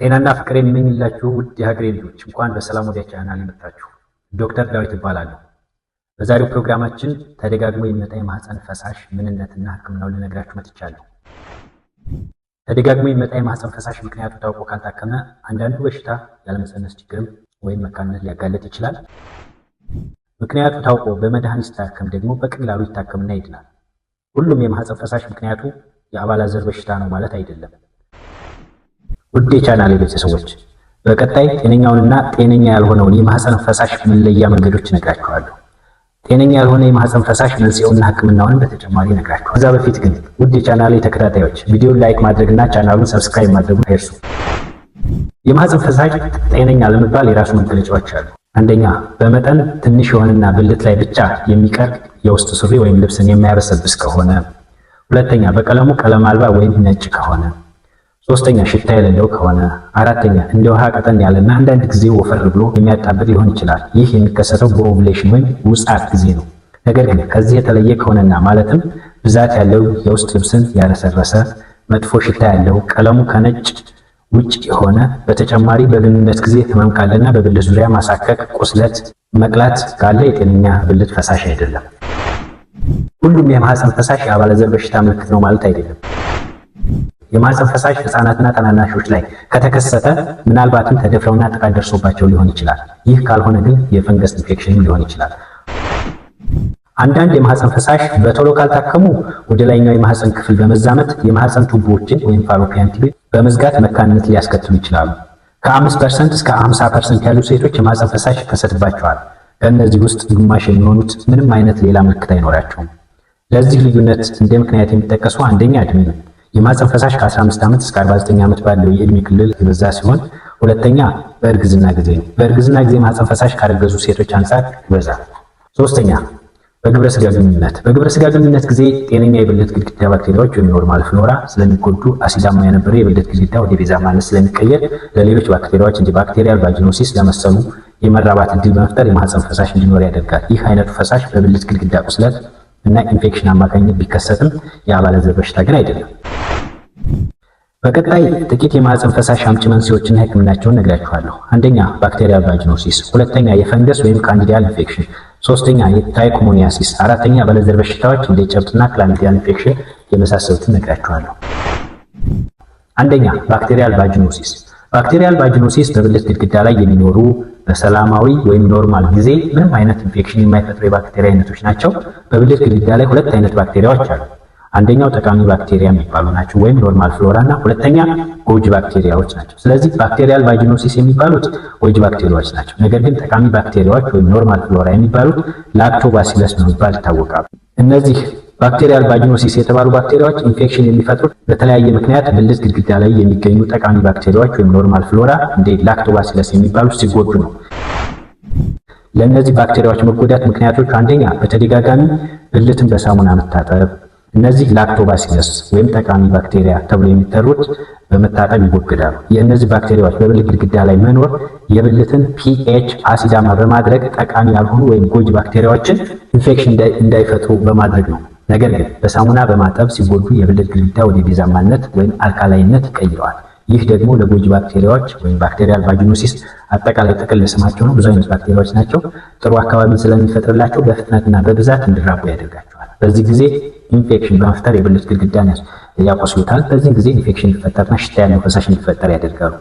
ጤናና ፍቅር የምመኝላችሁ ውድ የሀገሬ ልጆች እንኳን በሰላም ወደ ቻናል መጣችሁ። ዶክተር ዳዊት እባላለሁ። በዛሬው ፕሮግራማችን ተደጋግሞ የሚመጣ የማህፀን ፈሳሽ ምንነትና ሕክምናው ልነግራችሁ መጥቻለሁ። ተደጋግሞ የሚመጣ የማህፀን ፈሳሽ ምክንያቱ ታውቆ ካልታከመ አንዳንዱ በሽታ ያለመፀነስ ችግርም ወይም መካንነት ሊያጋለጥ ይችላል። ምክንያቱ ታውቆ በመድኃኒት ሲታከም ደግሞ በቀላሉ ይታከምና ይድናል። ሁሉም የማህፀን ፈሳሽ ምክንያቱ የአባላዘር በሽታ ነው ማለት አይደለም። ውድ የቻናል ቤተሰቦች በቀጣይ ጤነኛውንና ጤነኛ ያልሆነውን የማህፀን ፈሳሽ መለያ መንገዶች እነግራችኋለሁ። ጤነኛ ያልሆነ የማህፀን ፈሳሽ መንስኤውና ሕክምናውንም በተጨማሪ እነግራችኋለሁ። ከዛ በፊት ግን ውድ የቻናል ተከታታዮች ቪዲዮን ላይክ ማድረግና ቻናሉን ሰብስክራይብ ማድረጉን አይርሱ። የማህፀን ፈሳሽ ጤነኛ ለመባል የራሱ መገለጫዎች አሉ። አንደኛ በመጠን ትንሽ የሆነና ብልት ላይ ብቻ የሚቀር የውስጥ ሱሪ ወይም ልብስን የማያበሰብስ ከሆነ፣ ሁለተኛ በቀለሙ ቀለም አልባ ወይም ነጭ ከሆነ ሶስተኛ ሽታ የሌለው ከሆነ አራተኛ እንደ ውሃ ቀጠን ያለና አንዳንድ ጊዜ ወፈር ብሎ የሚያጣብቅ ሊሆን ይችላል። ይህ የሚከሰተው በኦቭሌሽን ወይም ውጻት ጊዜ ነው። ነገር ግን ከዚህ የተለየ ከሆነና ማለትም ብዛት ያለው የውስጥ ልብስን ያረሰረሰ፣ መጥፎ ሽታ ያለው፣ ቀለሙ ከነጭ ውጭ የሆነ በተጨማሪ በግንኙነት ጊዜ ህመም ካለና በብልት ዙሪያ ማሳከክ፣ ቁስለት፣ መቅላት ካለ የጤነኛ ብልት ፈሳሽ አይደለም። ሁሉም የማህፀን ፈሳሽ የአባለዘር በሽታ ምልክት ነው ማለት አይደለም። የማህፀን ፈሳሽ ህፃናትና ተናናሾች ላይ ከተከሰተ ምናልባትም ተደፍረውና ጥቃት ደርሶባቸው ሊሆን ይችላል። ይህ ካልሆነ ግን የፈንገስ ኢንፌክሽን ሊሆን ይችላል። አንዳንድ የማህፀን ፈሳሽ በቶሎ ካልታከሙ ወደ ላይኛው የማህፀን ክፍል በመዛመት የማህፀን ቱቦዎችን ወይም ፋሎፒያን ቲዩብ በመዝጋት መካንነት ሊያስከትሉ ይችላሉ። ከአምስት ፐርሰንት እስከ አምሳ ፐርሰንት ያሉ ሴቶች የማህፀን ፈሳሽ ይከሰትባቸዋል። ከእነዚህ ውስጥ ግማሽ የሚሆኑት ምንም አይነት ሌላ ምልክት አይኖራቸውም። ለዚህ ልዩነት እንደ ምክንያት የሚጠቀሱ አንደኛ እድሜ ነው። የማፀን ፈሳሽ ከ15 ዓመት እስከ 49 ዓመት ባለው የእድሜ ክልል የበዛ ሲሆን ሁለተኛ በእርግዝና ጊዜ ነው። በእርግዝና ጊዜ ማህፀን ፈሳሽ ካረገዙ ሴቶች አንጻር ይበዛል። ሶስተኛ በግብረ ስጋ ግንኙነት በግብረ ስጋ ግንኙነት ጊዜ ጤነኛ የብልት ግድግዳ ባክቴሪያዎች ወይም ኖርማል ፍሎራ ስለሚጎዱ አሲዳማ የነበረ የብልት ግድግዳ ወደ ቤዛማነት ስለሚቀየር ለሌሎች ባክቴሪያዎች እንደ ባክቴሪያል ቫጂኖሲስ ለመሰሉ የመራባት እድል በመፍጠር የማህፀን ፈሳሽ እንዲኖር ያደርጋል። ይህ አይነቱ ፈሳሽ በብልት ግድግዳ ቁስለት እና ኢንፌክሽን አማካኝነት ቢከሰትም የአባለዘር በሽታ ግን አይደለም። በቀጣይ ጥቂት የማህፀን ፈሳሽ አምጪ መንስኤዎችና ህክምናቸውን ነግራችኋለሁ። አንደኛ ባክቴሪያል ቫጂኖሲስ፣ ሁለተኛ የፈንገስ ወይም ካንዲዲያል ኢንፌክሽን፣ ሶስተኛ የታይኮሞኒያሲስ፣ አራተኛ ባለዘር በሽታዎች እንደ ጨብጥና ክላሚዲያል ኢንፌክሽን የመሳሰሉትን ነግራችኋለሁ። አንደኛ ባክቴሪያል ቫጂኖሲስ ባክቴሪያል ቫጂኖሲስ በብልት ግድግዳ ላይ የሚኖሩ በሰላማዊ ወይም ኖርማል ጊዜ ምንም አይነት ኢንፌክሽን የማይፈጥሩ የባክቴሪያ አይነቶች ናቸው። በብልት ግድግዳ ላይ ሁለት አይነት ባክቴሪያዎች አሉ። አንደኛው ጠቃሚ ባክቴሪያ የሚባሉ ናቸው ወይም ኖርማል ፍሎራ እና ሁለተኛ ጎጅ ባክቴሪያዎች ናቸው። ስለዚህ ባክቴሪያል ቫጂኖሲስ የሚባሉት ጎጅ ባክቴሪያዎች ናቸው። ነገር ግን ጠቃሚ ባክቴሪያዎች ወይም ኖርማል ፍሎራ የሚባሉት ላክቶባሲለስ በመባል ይታወቃሉ። እነዚህ ባክቴሪያል ባጅኖሲስ የተባሉ ባክቴሪያዎች ኢንፌክሽን የሚፈጥሩት በተለያየ ምክንያት ብልት ግድግዳ ላይ የሚገኙ ጠቃሚ ባክቴሪያዎች ወይም ኖርማል ፍሎራ እንደ ላክቶባሲለስ የሚባሉ ሲጎዱ ነው። ለእነዚህ ባክቴሪያዎች መጎዳት ምክንያቶች አንደኛ በተደጋጋሚ ብልትን በሳሙና መታጠብ። እነዚህ ላክቶባሲለስ ወይም ጠቃሚ ባክቴሪያ ተብሎ የሚጠሩት በመታጠብ ይጎግዳሉ። የእነዚህ ባክቴሪያዎች በብልት ግድግዳ ላይ መኖር የብልትን ፒኤች አሲዳማ በማድረግ ጠቃሚ ያልሆኑ ወይም ጎጂ ባክቴሪያዎችን ኢንፌክሽን እንዳይፈጥሩ በማድረግ ነው። ነገር ግን በሳሙና በማጠብ ሲጎዱ የብልት ግድግዳ ወደ ቤዛማነት ወይም አልካላይነት ይቀይረዋል። ይህ ደግሞ ለጎጂ ባክቴሪያዎች ወይም ባክቴሪያል ቫጂኖሲስ አጠቃላይ ጥቅል ስማቸው ነው። ብዙ አይነት ባክቴሪያዎች ናቸው። ጥሩ አካባቢ ስለሚፈጥርላቸው በፍጥነትና በብዛት እንዲራቡ ያደርጋቸዋል። በዚህ ጊዜ ኢንፌክሽን በመፍጠር የብልት ግድግዳን ያቆስሉታል። በዚህ ጊዜ ኢንፌክሽን ይፈጠርና ሽታ ያለው ፈሳሽ እንዲፈጠር ያደርጋሉ።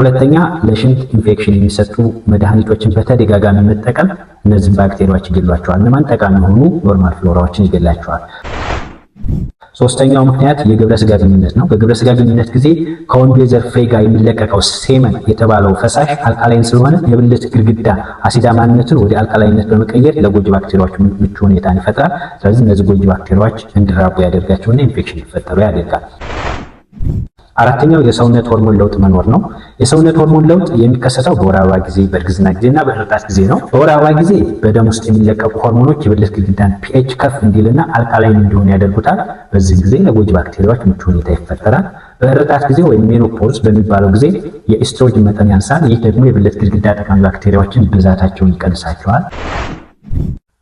ሁለተኛ ለሽንት ኢንፌክሽን የሚሰጡ መድኃኒቶችን በተደጋጋሚ መጠቀም እነዚህ ባክቴሪያዎች ይገሏቸዋል። እነማን ጠቃሚ የሆኑ ኖርማል ፍሎራዎችን ይገላቸዋል። ሶስተኛው ምክንያት የግብረ ስጋ ግንኙነት ነው። በግብረ ስጋ ግንኙነት ጊዜ ከወንዱ የዘር ፍሬ ጋር የሚለቀቀው ሴመን የተባለው ፈሳሽ አልካላይን ስለሆነ የብልት ግድግዳ አሲዳማነትን ወደ አልካላይነት በመቀየር ለጎጂ ባክቴሪያዎች ምቹ ሁኔታን ይፈጥራል። ስለዚህ እነዚህ ጎጂ ባክቴሪያዎች እንዲራቡ ያደርጋቸውና ኢንፌክሽን ሊፈጠሩ ያደርጋል። አራተኛው የሰውነት ሆርሞን ለውጥ መኖር ነው። የሰውነት ሆርሞን ለውጥ የሚከሰተው በወር አበባ ጊዜ፣ በእርግዝና ጊዜና በእርጣት ጊዜ ነው። በወር አበባ ጊዜ በደም ውስጥ የሚለቀቁ ሆርሞኖች የብልት ግድግዳን ፒኤች ከፍ እንዲልና አልካላይን እንዲሆን ያደርጉታል። በዚህ ጊዜ ለጎጂ ባክቴሪያዎች ምቹ ሁኔታ ይፈጠራል። በእርጣት ጊዜ ወይም ሜኖፖዝ በሚባለው ጊዜ የኤስትሮጅን መጠን ያንሳል። ይህ ደግሞ የብልት ግድግዳ ጠቃሚ ባክቴሪያዎችን ብዛታቸውን ይቀንሳቸዋል።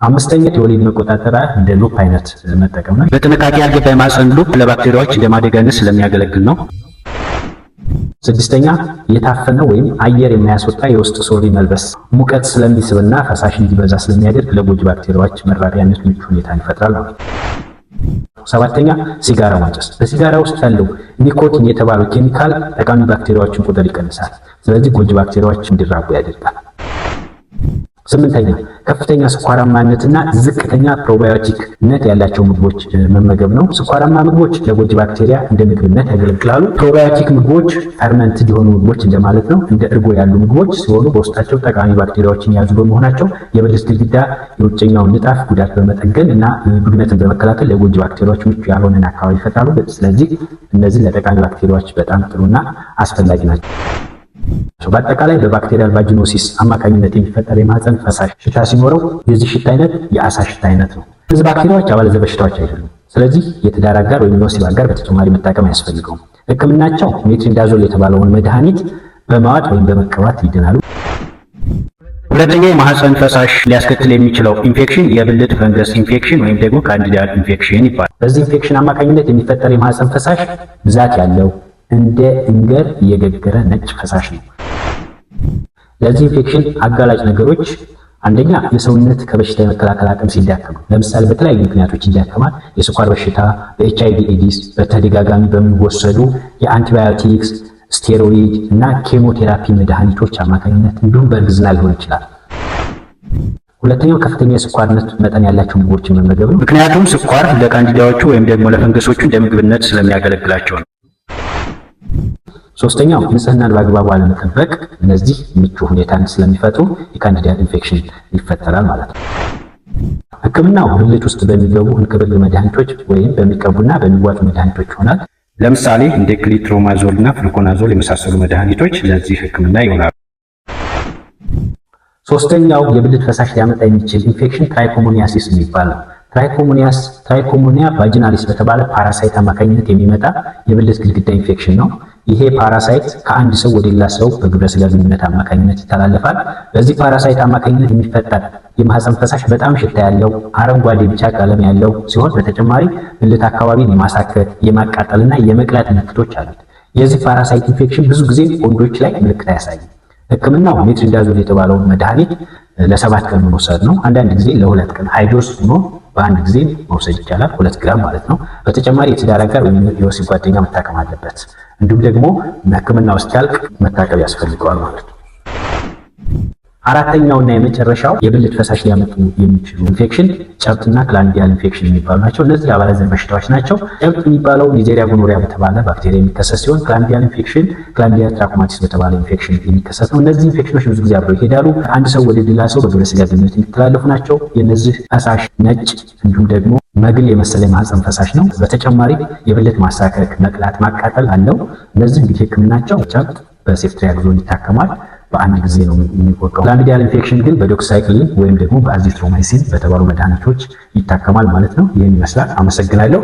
አምስተኛ የወሊድ መቆጣጠሪያ እንደ ሉፕ አይነት መጠቀም ነው። በጥንቃቄ ያልገባ የማህፀን ሉፕ ለባክቴሪያዎች እንደማደጋነት ስለሚያገለግል ነው። ስድስተኛ የታፈነ ወይም አየር የማያስወጣ የውስጥ ሱሪ መልበስ ሙቀት ስለሚስብና ፈሳሽ እንዲበዛ ስለሚያደርግ ለጎጂ ባክቴሪያዎች መራቢያነት ምቹ ሁኔታን ይፈጥራል ማለት ነው። ሰባተኛ ሲጋራ ማጨስ። በሲጋራ ውስጥ ያለው ኒኮቲን የተባለው ኬሚካል ጠቃሚ ባክቴሪያዎችን ቁጥር ይቀንሳል። ስለዚህ ጎጂ ባክቴሪያዎች እንዲራቡ ያደርጋል። ስምንተኛ ከፍተኛ ስኳራማነትና ዝቅተኛ ፕሮባዮቲክነት ያላቸው ምግቦች መመገብ ነው። ስኳራማ ምግቦች ለጎጂ ባክቴሪያ እንደ ምግብነት ያገለግላሉ። ፕሮባዮቲክ ምግቦች ፈርመንት የሆኑ ምግቦች እንደማለት ነው። እንደ እርጎ ያሉ ምግቦች ሲሆኑ በውስጣቸው ጠቃሚ ባክቴሪያዎችን የያዙ በመሆናቸው የብልት ግድግዳ የውጨኛውን ንጣፍ ጉዳት በመጠገን እና ብግነትን በመከላከል ለጎጂ ባክቴሪያዎች ምቹ ያልሆነን አካባቢ ይፈጥራሉ። ስለዚህ እነዚህ ለጠቃሚ ባክቴሪያዎች በጣም ጥሩና አስፈላጊ ናቸው። በአጠቃላይ በባክቴሪያል ቫጂኖሲስ አማካኝነት የሚፈጠር የማህፀን ፈሳሽ ሽታ ሲኖረው የዚህ ሽታ አይነት የአሳ ሽታ አይነት ነው። እነዚህ ባክቴሪያዎች አባለዘ በሽታዎች አይደሉም። ስለዚህ የትዳር አጋር ወይም የወሲብ አጋር በተጨማሪ መታቀም አያስፈልገውም። ህክምናቸው ሜትሪንዳዞል የተባለውን መድኃኒት በማዋጥ ወይም በመቀባት ይድናሉ። ሁለተኛው የማህፀን ፈሳሽ ሊያስከትል የሚችለው ኢንፌክሽን የብልት ፈንገስ ኢንፌክሽን ወይም ደግሞ ካንዲዳ ኢንፌክሽን ይባላል። በዚህ ኢንፌክሽን አማካኝነት የሚፈጠር የማህፀን ፈሳሽ ብዛት ያለው እንደ እንገር የገገረ ነጭ ፈሳሽ ነው። ለዚህ ኢንፌክሽን አጋላጭ ነገሮች አንደኛ የሰውነት ከበሽታ የመከላከል አቅም ሲዳከም፣ ለምሳሌ በተለያዩ ምክንያቶች ይዳከማል። የስኳር በሽታ፣ በኤች አይቪ ኤዲስ፣ በተደጋጋሚ በሚወሰዱ የአንቲባዮቲክስ ስቴሮይድ እና ኬሞቴራፒ መድኃኒቶች አማካኝነት እንዲሁም በእርግዝና ሊሆን ይችላል። ሁለተኛው ከፍተኛ የስኳርነት መጠን ያላቸው ምግቦችን መመገብ ነው። ምክንያቱም ስኳር ለካንዲዳዎቹ ወይም ደግሞ ለፈንገሶቹ እንደ ምግብነት ስለሚያገለግላቸው ነው። ሶስተኛው ንጽህናን በአግባቡ አለመጠበቅ። እነዚህ ምቹ ሁኔታን ስለሚፈጥሩ የካንዲዲያል ኢንፌክሽን ይፈጠራል ማለት ነው። ህክምናው ብልት ውስጥ በሚገቡ እንክብል መድኃኒቶች ወይም በሚቀቡና በሚዋጡ መድኃኒቶች ይሆናል። ለምሳሌ እንደ ክሊትሮማዞል እና ፍሉኮናዞል የመሳሰሉ መድኃኒቶች ለዚህ ህክምና ይሆናሉ። ሶስተኛው የብልት ፈሳሽ ሊያመጣ የሚችል ኢንፌክሽን ትራይኮሞኒያሲስ የሚባል ነው። ትራይኮሞኒያስ ትራይኮሞኒያ ቫጂናሊስ በተባለ ፓራሳይት አማካኝነት የሚመጣ የብልት ግድግዳ ኢንፌክሽን ነው። ይሄ ፓራሳይት ከአንድ ሰው ወደ ሌላ ሰው በግብረ ስጋ ግንኙነት አማካኝነት ይተላለፋል። በዚህ ፓራሳይት አማካኝነት የሚፈጠር የማህፀን ፈሳሽ በጣም ሽታ ያለው አረንጓዴ፣ ቢጫ ቀለም ያለው ሲሆን በተጨማሪ ብልት አካባቢን የማሳከት የማቃጠልና የመቅላት ምልክቶች አሉት። የዚህ ፓራሳይት ኢንፌክሽን ብዙ ጊዜ ወንዶች ላይ ምልክት አያሳይም። ህክምናው ሜትሪዳዞል የተባለውን መድኃኒት ለሰባት ቀን መውሰድ ነው። አንዳንድ ጊዜ ለሁለት ቀን ሃይዶስ ሆኖ በአንድ ጊዜ መውሰድ ይቻላል፣ ሁለት ግራም ማለት ነው። በተጨማሪ የትዳር አጋር ወይም የወሲብ ጓደኛ መታከም አለበት። እንዲሁም ደግሞ ውስጥ ያልቅ መታቀብ ያስፈልገዋል ማለት ነው። አራተኛውና የመጨረሻው የብልት ፈሳሽ ሊያመጡ የሚችሉ ኢንፌክሽን ጨብጥና ክላንዲያል ኢንፌክሽን የሚባሉ ናቸው። እነዚህ አባላዘር በሽታዎች ናቸው። ጨብጥ የሚባለው ኒጀሪያ ጎኖሪያ በተባለ ባክቴሪያ የሚከሰት ሲሆን ክላንዲያል ኢንፌክሽን ክላንዲያ ትራኮማቲስ በተባለ ኢንፌክሽን የሚከሰት ነው። እነዚህ ኢንፌክሽኖች ብዙ ጊዜ አብረው ይሄዳሉ። አንድ ሰው ወደ ሌላ ሰው በግብረ ስጋ ግንኙነት የሚተላለፉ ናቸው። የነዚህ ፈሳሽ ነጭ እንዲሁም ደግሞ መግል የመሰለ የማህፀን ፈሳሽ ነው። በተጨማሪ የብልት ማሳከክ፣ መቅላት፣ ማቃጠል አለው። እነዚህ እንግዲህ ህክምናቸው ጨብጥ በሴፍትሪያክሶን ይታከማል። በአንድ ጊዜ ነው የሚወጋው። ክላሚዲያል ኢንፌክሽን ግን በዶክሳይክሊን ወይም ደግሞ በአዚትሮማይሲን በተባሉ መድኃኒቶች ይታከማል ማለት ነው። ይህን ይመስላል። አመሰግናለሁ።